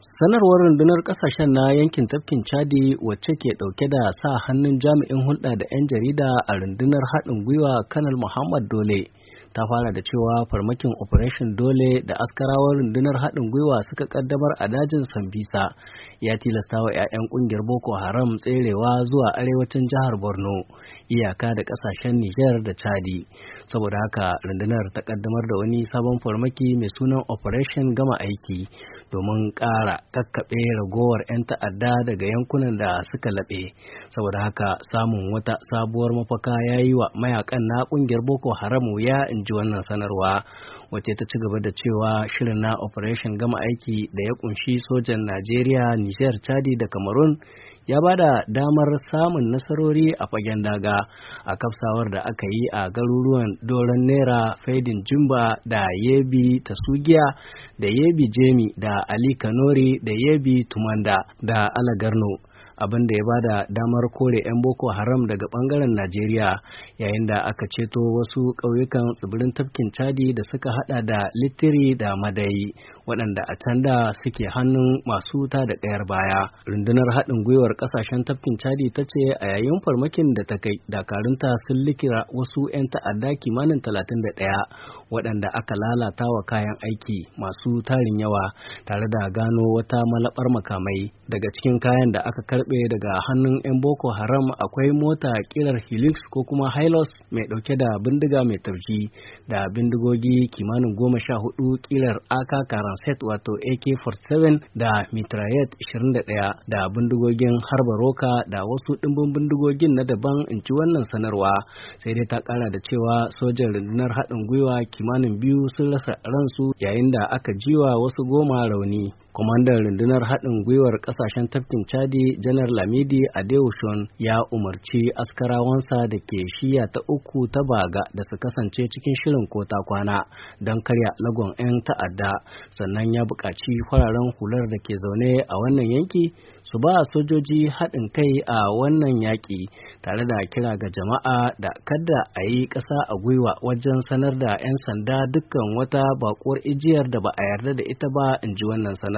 sanarwar rundunar kasashen na yankin tafkin chadi wacce ke dauke da sa hannun jami'in hulɗa da 'yan jarida a rundunar haɗin gwiwa kanal muhammad dole ta fara da cewa farmakin operation dole da askarawar rundunar haɗin gwiwa suka kaddamar a dajin sambisa ya tilasta wa 'ya'yan ƙungiyar boko haram tserewa zuwa arewacin jihar borno iyaka da ƙasashen niger da chadi saboda haka rundunar ta kaddamar da wani sabon farmaki mai sunan operation gama aiki domin ƙara kakkaɓe ragowar 'yan ta'adda daga yankunan da suka laɓe saboda haka samun wata sabuwar mafaka ya yi wa mayakan na ƙungiyar boko haram wuya in ji wannan sanarwa wacce ta ci gaba da cewa shirin na operation gama aiki da ya kunshi sojan najeriya nijar chadi da cameroon ya ba da damar samun nasarori a fagen daga a kafsawar da aka yi a garuruwan doron naira faidin jumba da yebi tasugiya da yebi jemi da ali kanori da yebi tumanda da alagarno abin da ya bada damar kore 'yan boko haram daga bangaren najeriya yayin da aka ceto wasu ƙauyukan tsibirin tafkin chadi da suka hada da littiri da madayi waɗanda a can da suke hannun masu ta da ƙayar baya rundunar haɗin gwiwar ƙasashen tafkin chadi ta ce a yayin farmakin da ta kai dakarunta sun likira wasu 'yan ta'adda kimanin talatin da ɗaya, waɗanda aka lalata wa kayan aiki masu tarin yawa tare da gano wata malabar makamai daga cikin kayan da aka karɓe karbe daga hannun 'yan boko haram akwai mota kilar helix ko kuma hilos mai dauke da bindiga mai tauki da bindigogi kimanin goma sha hudu kilar aka set wato ak-47 da mitrayet 21 da bindigogin harba roka da wasu dimbin bindigogin na daban in ci wannan sanarwa sai dai ta kara da cewa sojan rundunar haɗin gwiwa kimanin biyu sun rasa ransu yayin da aka jiwa wasu goma rauni kwamandan rundunar haɗin gwiwar ƙasashen tafkin chadi janar lamidi adeoshun ya umarci askarawansa da ke shiya ta uku ta baga da su kasance cikin shirin kota kwana don karya lagon 'yan ta'adda sannan ya buƙaci fararen hular da ke zaune a wannan yanki su ba sojoji haɗin kai a wannan yaƙi tare da kira ga jama'a da kada a yi ƙasa a gwiwa wajen sanar da 'yan sanda dukkan wata baƙuwar ijiyar da ba a yarda da ita ba in ji wannan sanar